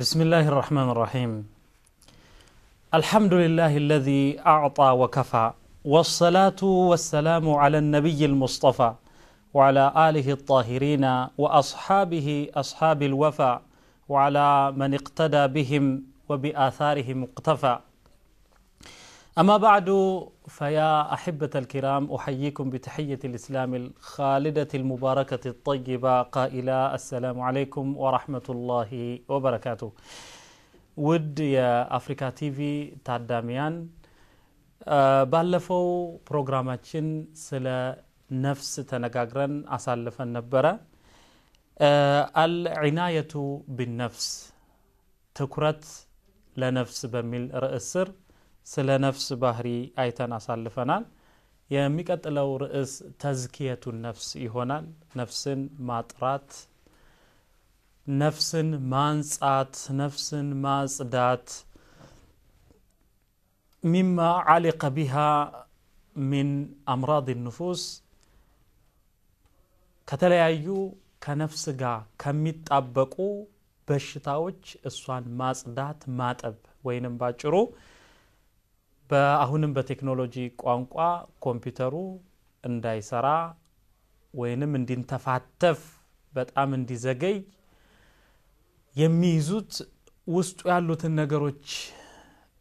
بسم الله الرحمن الرحيم الحمد لله الذي أعطى وكفى والصلاة والسلام على النبي المصطفى وعلى آله الطاهرين وأصحابه أصحاب الوفا وعلى من اقتدى بهم وبآثارهم اقتفى أما بعد فيا أحبة الكرام أحييكم بتحية الإسلام الخالدة المباركة الطيبة قائلة السلام عليكم ورحمة الله وبركاته ود يا أفريكا تيفي تعداميان ባለፈው ፕሮግራማችን ስለ ነፍስ ተነጋግረን አሳልፈን ነበረ አልዒናየቱ ቢነፍስ ትኩረት ለነፍስ በሚል ርዕስ ስር ስለ ነፍስ ባህሪ አይተን አሳልፈናል። የሚቀጥለው ርዕስ ተዝኪየቱን ነፍስ ይሆናል። ነፍስን ማጥራት፣ ነፍስን ማንጻት፣ ነፍስን ማጽዳት ሚማ ዓሊቀ ቢሃ ምን አምራድ ንፉስ ከተለያዩ ከነፍስ ጋር ከሚጣበቁ በሽታዎች እሷን ማጽዳት ማጠብ ወይንም ባጭሩ በአሁንም በቴክኖሎጂ ቋንቋ ኮምፒውተሩ እንዳይሰራ ወይንም እንዲንተፋተፍ በጣም እንዲዘገይ የሚይዙት ውስጡ ያሉትን ነገሮች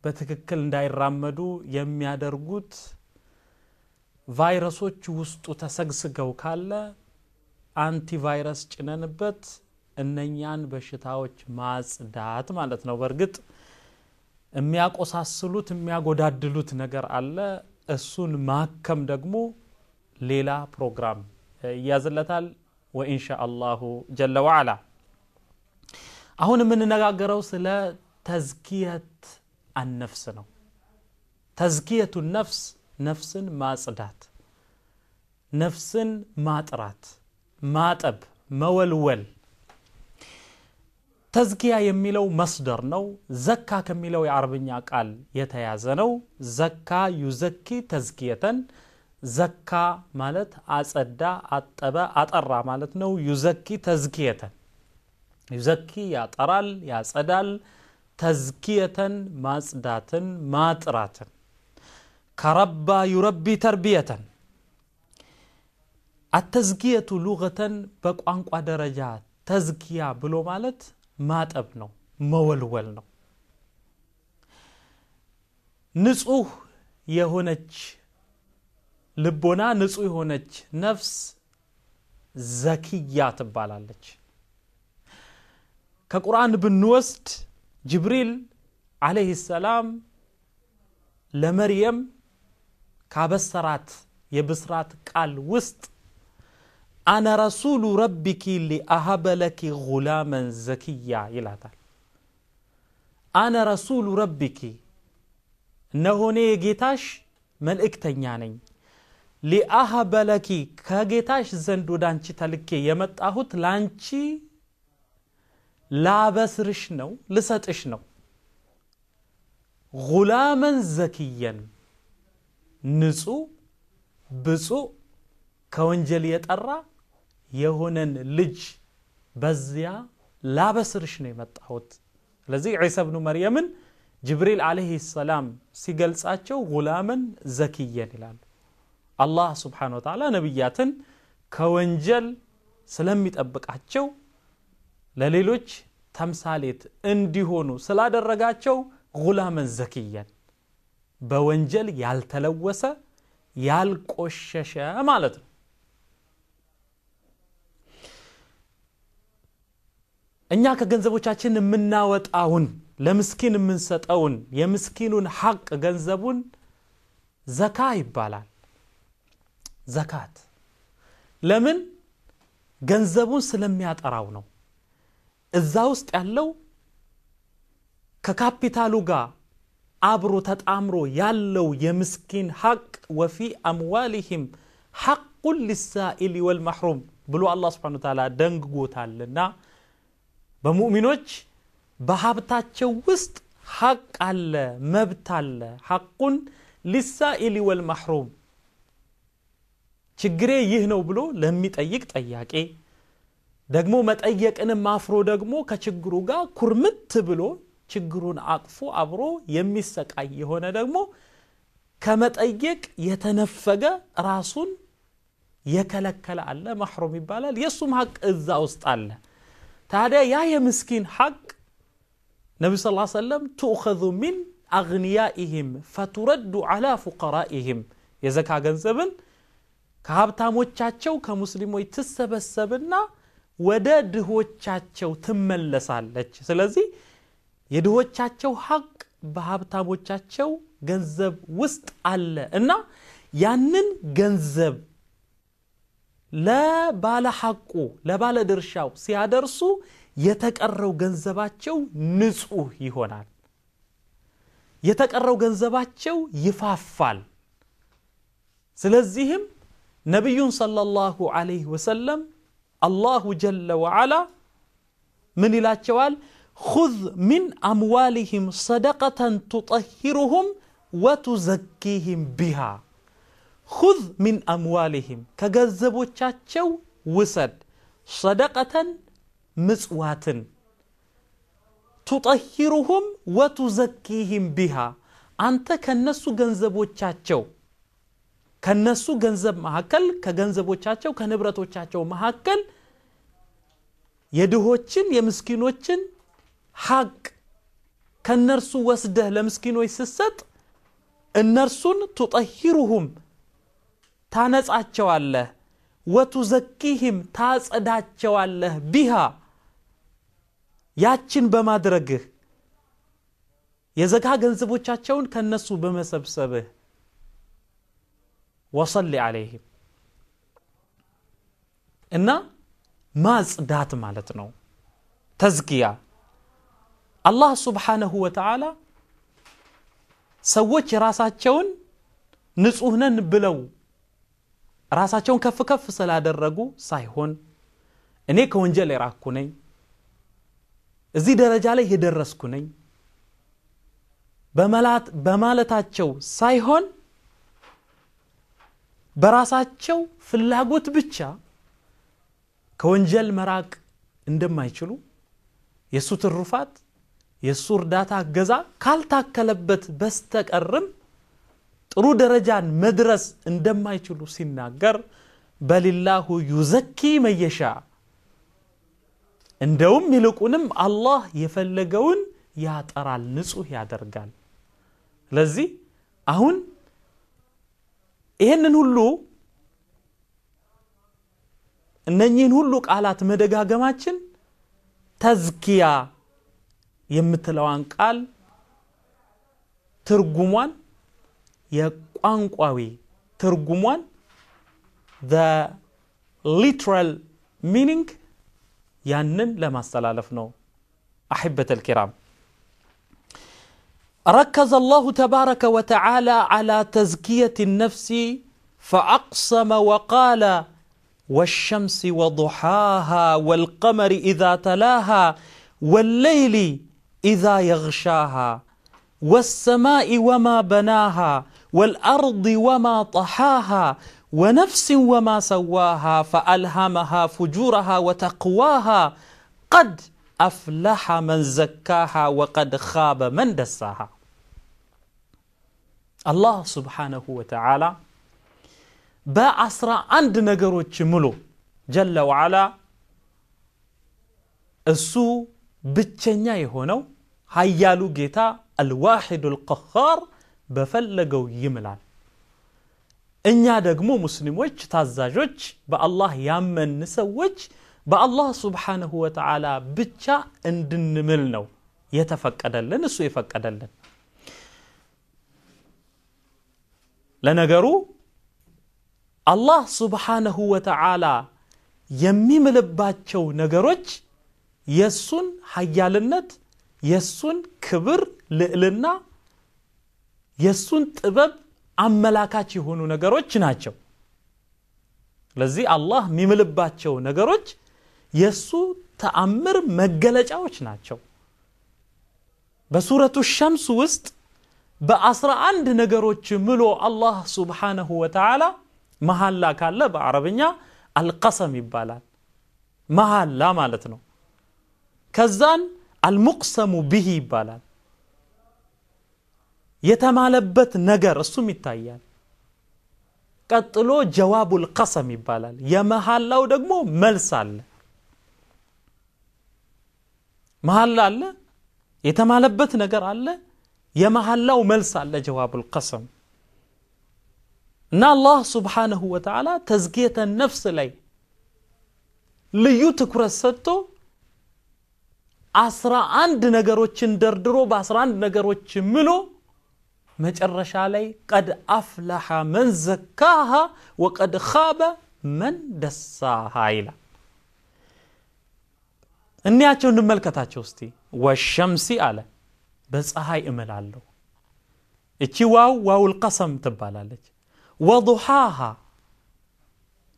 በትክክል እንዳይራመዱ የሚያደርጉት ቫይረሶች ውስጡ ተሰግስገው ካለ አንቲቫይረስ ጭነንበት እነኛን በሽታዎች ማጽዳት ማለት ነው። በእርግጥ የሚያቆሳስሉት የሚያጎዳድሉት ነገር አለ። እሱን ማከም ደግሞ ሌላ ፕሮግራም ይያዝለታል። ወኢንሻ አላሁ ጀለ ዋዕላ አሁን የምንነጋገረው ስለ ተዝኪየት አነፍስ ነው። ተዝኪየቱ ነፍስ ነፍስን ማጽዳት፣ ነፍስን ማጥራት፣ ማጠብ፣ መወልወል ተዝኪያ የሚለው መስደር ነው። ዘካ ከሚለው የአረብኛ ቃል የተያዘ ነው። ዘካ ዩዘኪ ተዝኪየተን ዘካ ማለት አጸዳ፣ አጠበ፣ አጠራ ማለት ነው። ዩዘኪ ተዝኪየተን ዩዘኪ ያጠራል፣ ያጸዳል። ተዝኪየተን ማጽዳትን፣ ማጥራትን። ከረባ ዩረቢ ተርቢየተን አተዝኪየቱ ሉገተን በቋንቋ ደረጃ ተዝኪያ ብሎ ማለት ማጠብ ነው፣ መወልወል ነው። ንጹህ የሆነች ልቦና ንጹህ የሆነች ነፍስ ዘኪያ ትባላለች። ከቁርአን ብንወስድ ጅብሪል አለህ ሰላም ለመርየም ካበሰራት የብስራት ቃል ውስጥ አነ ረሱሉ ረቢኪ ሊአሀበለኪ ጉላመን ዘኪያ ይላታል። አነ ረሱሉ ረቢኪ እነሆኔ የጌታሽ መልእክተኛ ነኝ። ሊአሀበለኪ ከጌታሽ ዘንድ ወደ አንቺ ተልኬ የመጣሁት ለአንቺ ላበስርሽ ነው፣ ልሰጥሽ ነው። ጉላመን ዘኪየን ንጹሕ ብፁዕ ከወንጀል የጠራ የሆነን ልጅ በዚያ ላበስርሽ ነው የመጣሁት ስለዚህ ዒሳ ብኑ መርየምን ጅብሪል አለህ ሰላም ሲገልጻቸው ጉላምን ዘክየን ይላሉ አላህ ስብሓን ወተላ ነቢያትን ከወንጀል ስለሚጠብቃቸው ለሌሎች ተምሳሌት እንዲሆኑ ስላደረጋቸው ጉላመን ዘክየን በወንጀል ያልተለወሰ ያልቆሸሸ ማለት ነው እኛ ከገንዘቦቻችን የምናወጣውን ለምስኪን የምንሰጠውን የምስኪኑን ሐቅ ገንዘቡን ዘካ ይባላል። ዘካት ለምን? ገንዘቡን ስለሚያጠራው ነው። እዛ ውስጥ ያለው ከካፒታሉ ጋር አብሮ ተጣምሮ ያለው የምስኪን ሐቅ ወፊ አምዋሊህም ሐቁን ሊሳኢሊ ወልማሕሩም ብሎ አላ ስብን ታላ ደንግጎታልና በሙእሚኖች በሀብታቸው ውስጥ ሐቅ አለ፣ መብት አለ። ሐቁን ሊሳኢሊ ወልማሕሩም ችግሬ ይህ ነው ብሎ ለሚጠይቅ ጠያቄ ደግሞ መጠየቅንም አፍሮ ደግሞ ከችግሩ ጋር ኩርምት ብሎ ችግሩን አቅፎ አብሮ የሚሰቃይ የሆነ ደግሞ ከመጠየቅ የተነፈገ ራሱን የከለከለ አለ፣ ማሕሩም ይባላል። የእሱም ሀቅ እዛ ውስጥ አለ። ታዲያ ያ የምስኪን ሐቅ ነቢ ስ ሰለም ትኡኸዙ ሚን አግንያኢህም ፈቱረዱ ዓላ ፉቀራኢህም የዘካ ገንዘብን ከሀብታሞቻቸው ከሙስሊሞች ትሰበሰብና ወደ ድሆቻቸው ትመለሳለች። ስለዚህ የድሆቻቸው ሐቅ በሀብታሞቻቸው ገንዘብ ውስጥ አለ እና ያንን ገንዘብ ለባለ ሐቁ ለባለ ድርሻው ሲያደርሱ የተቀረው ገንዘባቸው ንጹህ ይሆናል። የተቀረው ገንዘባቸው ይፋፋል። ስለዚህም ነቢዩን ሰለላሁ ዐለይሂ ወሰለም አላሁ ጀለ ወዓላ ምን ይላቸዋል? ኹዝ ሚን አምዋሊሂም ሰደቀተን ቱጠሂሩሁም ወቱዘኪህም ቢሃ ሁዝ ሚን አምዋሊሂም ከገንዘቦቻቸው ውሰድ ሰደቀተን ምጽዋትን ቱጠሂሩሁም ወቱዘኪህም ቢሃ አንተ ከነሱ ገንዘቦቻቸው ከነሱ ገንዘብ መካከል ከገንዘቦቻቸው ከንብረቶቻቸው መካከል የድሆችን የምስኪኖችን ሀቅ ከነርሱ ወስደህ ለምስኪኖች ስሰጥ እነርሱን ቱጠሂሩሁም ታነጻቸዋለህ፣ ወቱዘኪህም ታጸዳቸዋለህ። ቢሃ ያችን በማድረግህ የዘካ ገንዘቦቻቸውን ከነሱ በመሰብሰብህ ወሰሊ አለይህም እና ማጽዳት ማለት ነው። ተዝኪያ አላህ ሱብሓነሁ ወተዓላ ሰዎች ራሳቸውን ንጹህ ብለው ራሳቸውን ከፍ ከፍ ስላደረጉ ሳይሆን እኔ ከወንጀል የራኩ ነኝ፣ እዚህ ደረጃ ላይ የደረስኩ ነኝ በማለታቸው ሳይሆን በራሳቸው ፍላጎት ብቻ ከወንጀል መራቅ እንደማይችሉ የእሱ ትሩፋት የእሱ እርዳታ አገዛ ካልታከለበት በስተቀርም ጥሩ ደረጃን መድረስ እንደማይችሉ ሲናገር በሊላሁ ዩዘኪ መየሻ እንደውም ይልቁንም አላህ የፈለገውን ያጠራል፣ ንጹህ ያደርጋል። ስለዚህ አሁን ይህንን ሁሉ እነኚህን ሁሉ ቃላት መደጋገማችን ተዝኪያ የምትለዋን ቃል ትርጉሟን የቋንቋዊ ትርጉሟን ዘ ሊትራል ሚኒንግ ያንን ለማስተላለፍ ነው أحبة الكرام ركز الله تبارك وتعالى على تزكية النفس فأقسم وقال والشمس وضحاها والقمر إذا تلاها والليل إذا يغشاها والسماء وما بناها والارض وما طحاها ونفس وما سواها فالهمها فجورها وتقواها قد افلح من زكاها وقد خاب من دساها الله سبحانه وتعالى باسرى عند نجروتش ملو جل وعلا السو بتشنيا هنا هيا جيتا الواحد القخار በፈለገው ይምላል እኛ ደግሞ ሙስሊሞች ታዛዦች በአላህ ያመን ሰዎች በአላህ ስብሓንሁ ወተዓላ ብቻ እንድንምል ነው የተፈቀደልን እሱ የፈቀደልን ለነገሩ አላህ ስብሓንሁ ወተዓላ የሚምልባቸው ነገሮች የሱን ሀያልነት የሱን ክብር ልዕልና የእሱን ጥበብ አመላካች የሆኑ ነገሮች ናቸው። ለዚህ አላህ የሚምልባቸው ነገሮች የእሱ ተአምር መገለጫዎች ናቸው። በሱረቱ ሸምስ ውስጥ በአስራ አንድ ነገሮች ምሎ አላህ ሱብሓነሁ ወተዓላ መሐላ ካለ በአረብኛ አልቀሰም ይባላል። መሐላ ማለት ነው። ከዛን አልሙቅሰሙ ብሂ ይባላል። የተማለበት ነገር እሱም ይታያል። ቀጥሎ ጀዋቡል ቀሰም ይባላል። የመሐላው ደግሞ መልስ አለ። መሐላ አለ፣ የተማለበት ነገር አለ፣ የመሐላው መልስ አለ። ጀዋቡል ቀሰም እና አላህ ስብሓነሁ ወተዓላ ተዝጌተ ነፍስ ላይ ልዩ ትኩረት ሰጥቶ አስራ አንድ ነገሮችን ደርድሮ በአስራ አንድ ነገሮች ምሎ መጨረሻ ላይ ቀድ አፍላሐ መን ዘካሃ ወቀድ ኻበ መን ደሳሃ ይላል እንያቸው እንመልከታቸው እስቲ ወሸምሲ አለ በፀሐይ እምላለሁ እቺ ዋው ዋው ልቀሰም ትባላለች ወضሓሃ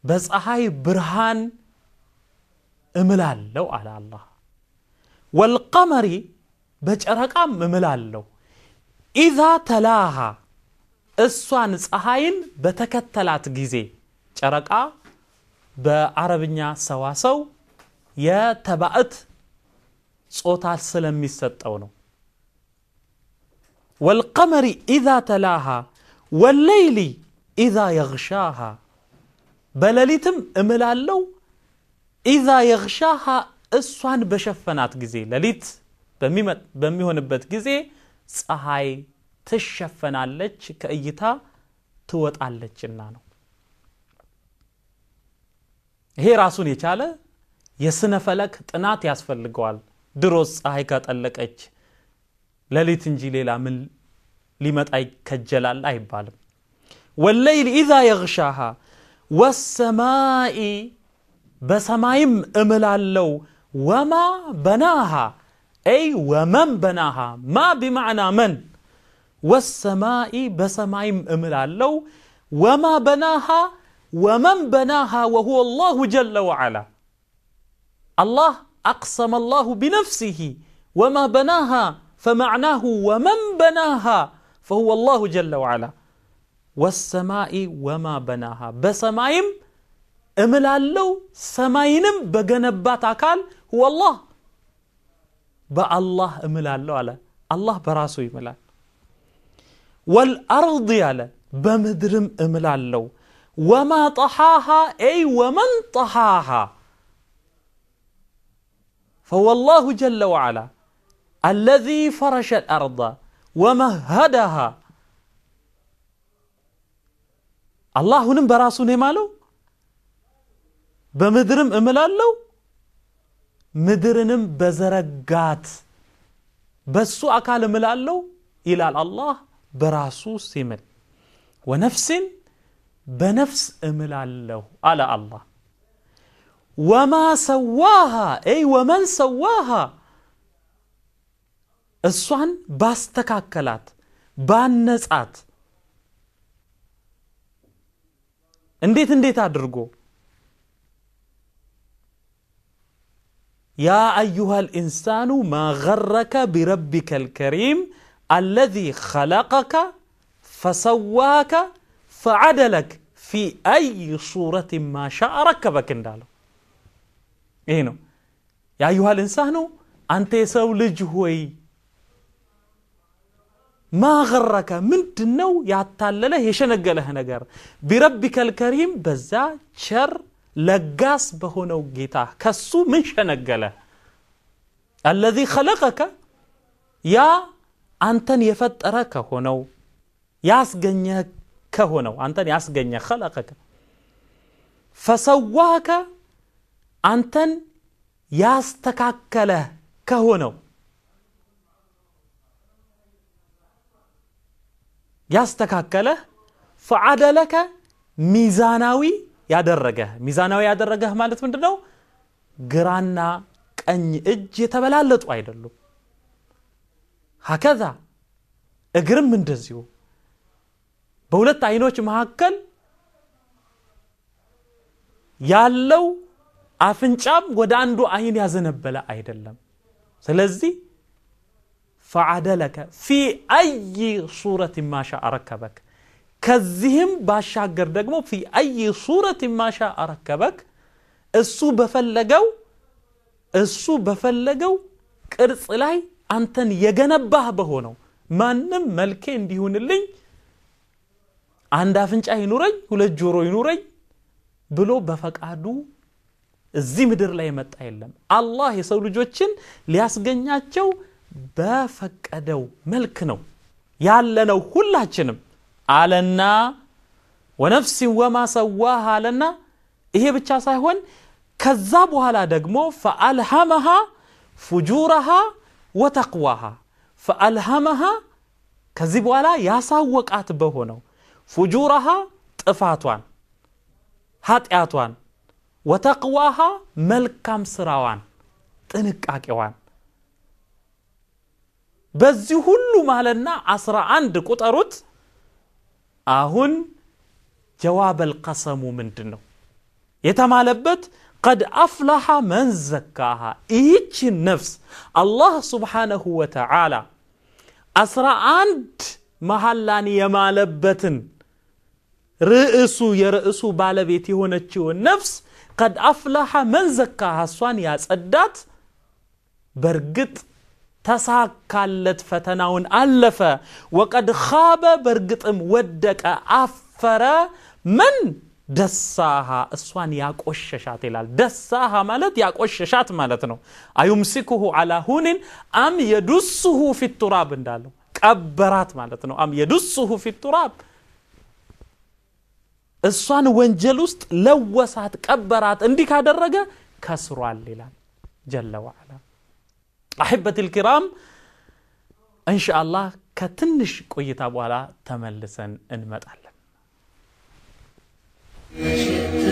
በፀሐይ ብርሃን እምላለው አለ አላህ ወልቀመሪ በጨረቃም እምላለው إذا تلاها إسوان سأهين بتكتلات جيزي شرق آ بعربنيا سواسو يا تبعت صوت السلام مست أونو والقمر إذا تلاها والليل إذا يغشاها بلليتم إملالو إذا يغشاها إسوان بشفنات جزي لاليت بميمت بميهون بتجزي ፀሐይ ትሸፈናለች ከእይታ ትወጣለችና ነው። ይሄ ራሱን የቻለ የስነ ፈለክ ጥናት ያስፈልገዋል። ድሮስ ፀሐይ ከጠለቀች ለሊት እንጂ ሌላ ምን ሊመጣ ይከጀላል አይባልም። ወለይል ኢዛ የግሻሃ ወሰማኢ በሰማይም እምላለው ወማ በናሃ أي ومن بناها ما بمعنى من والسماء بسماء الله وما بناها ومن بناها وهو الله جل وعلا الله أقسم الله بنفسه وما بناها فمعناه ومن بناها فهو الله جل وعلا والسماء وما بناها بسمايم أملالو سماينم بجنبات أكال هو الله በአላህ እምላለሁ አለ አላህ በራሱ ይምላል ወልአርድ ያለ በምድርም እምላለው ወማ ጠሓሃ ኤይ ወመን ጠሓሃ فوالله جل وعلا الذي فرش الأرض ومهدها الله هنم براسو نمالو بمدرم املالو ምድርንም በዘረጋት በሱ አካል እምላለው ይላል አላህ በራሱ ሲምል ወነፍስን በነፍስ እምላለሁ አለ አላህ ወማ ሰዋሃ ይ ወመን ሰዋሃ እሷን ባስተካከላት ባነጻት እንዴት እንዴት አድርጎ يا أيها الإنسان ما غرك بربك الكريم الذي خلقك فسواك فعدلك في أي صورة ما شاء ركبك اندالو إينو يا أيها الإنسان أنت سو لجهوي ما غرك من تنو يا تالله يشنق له نقر بربك الكريم بزا شر ለጋስ በሆነው ጌታ ከሱ ምን ሸነገለ አለዚ ኸለቀከ ያ አንተን የፈጠረ ከሆነው ያስገኘ ከሆነው አንተን ያስገኘ ኸለቀከ ፈሰዋከ አንተን ያስተካከለ ከሆነው ያስተካከለህ ፈዓደለከ ሚዛናዊ ያደረገህ ሚዛናዊ ያደረገህ ማለት ምንድ ነው? ግራና ቀኝ እጅ የተበላለጡ አይደሉም። ሀከዛ እግርም እንደዚሁ በሁለት አይኖች መካከል ያለው አፍንጫም ወደ አንዱ አይን ያዘነበለ አይደለም። ስለዚህ ፈዓደለከ ፊ አይ ሱረት ማሻ አረከበክ ከዚህም ባሻገር ደግሞ ፊ አይ ሱረት ማሻ አረከበክ እሱ በፈለገው እሱ በፈለገው ቅርጽ ላይ አንተን የገነባህ በሆነው ማንም መልኬ እንዲሆንልኝ አንድ አፍንጫ ይኑረኝ፣ ሁለት ጆሮ ይኑረኝ ብሎ በፈቃዱ እዚህ ምድር ላይ የመጣ የለም። አላህ የሰው ልጆችን ሊያስገኛቸው በፈቀደው መልክ ነው ያለነው ሁላችንም። علنا ونفس وما سواها لنا إيه بتشاسا هون كذبوها لا دقمو فألهمها فجورها وتقواها فألهمها كذبوها لا ياساوك أتبهونو فجورها تفاتوان هات اعتوان وتقواها ملكام سراوان تنك بزي هلو مالنا عصر عند كتاروت አሁን ጀዋበል ቀሰሙ ምንድን ነው የተማለበት ቀድ አፍላሐ መን ዘካሃ ይህችን ነፍስ አላህ ስብሓነሁ ወተዓላ አስራ አንድ መሐላን የማለበትን ርዕሱ የርዕሱ ባለቤት የሆነችውን ነፍስ ቀድ አፍላሐ መን ዘካሃ እሷን ያጸዳት በእርግጥ تساك اللت فتناون ألفا وقد خاب برغتم ودك أفرا من دساها اسوان ياك وششات الال دساها مالت ياك وششات مالتنو أيمسكه على هونين أم يدسه في التراب اندالو كبرات مالتنو أم يدسه في التراب اسوان وانجلوست لو وسعت كبرات اندي كادرقة كسروا الليلان جل وعلا أحبة الكرام إن شاء الله كتنش كوية بوالا تملسا المتعلم مدعلا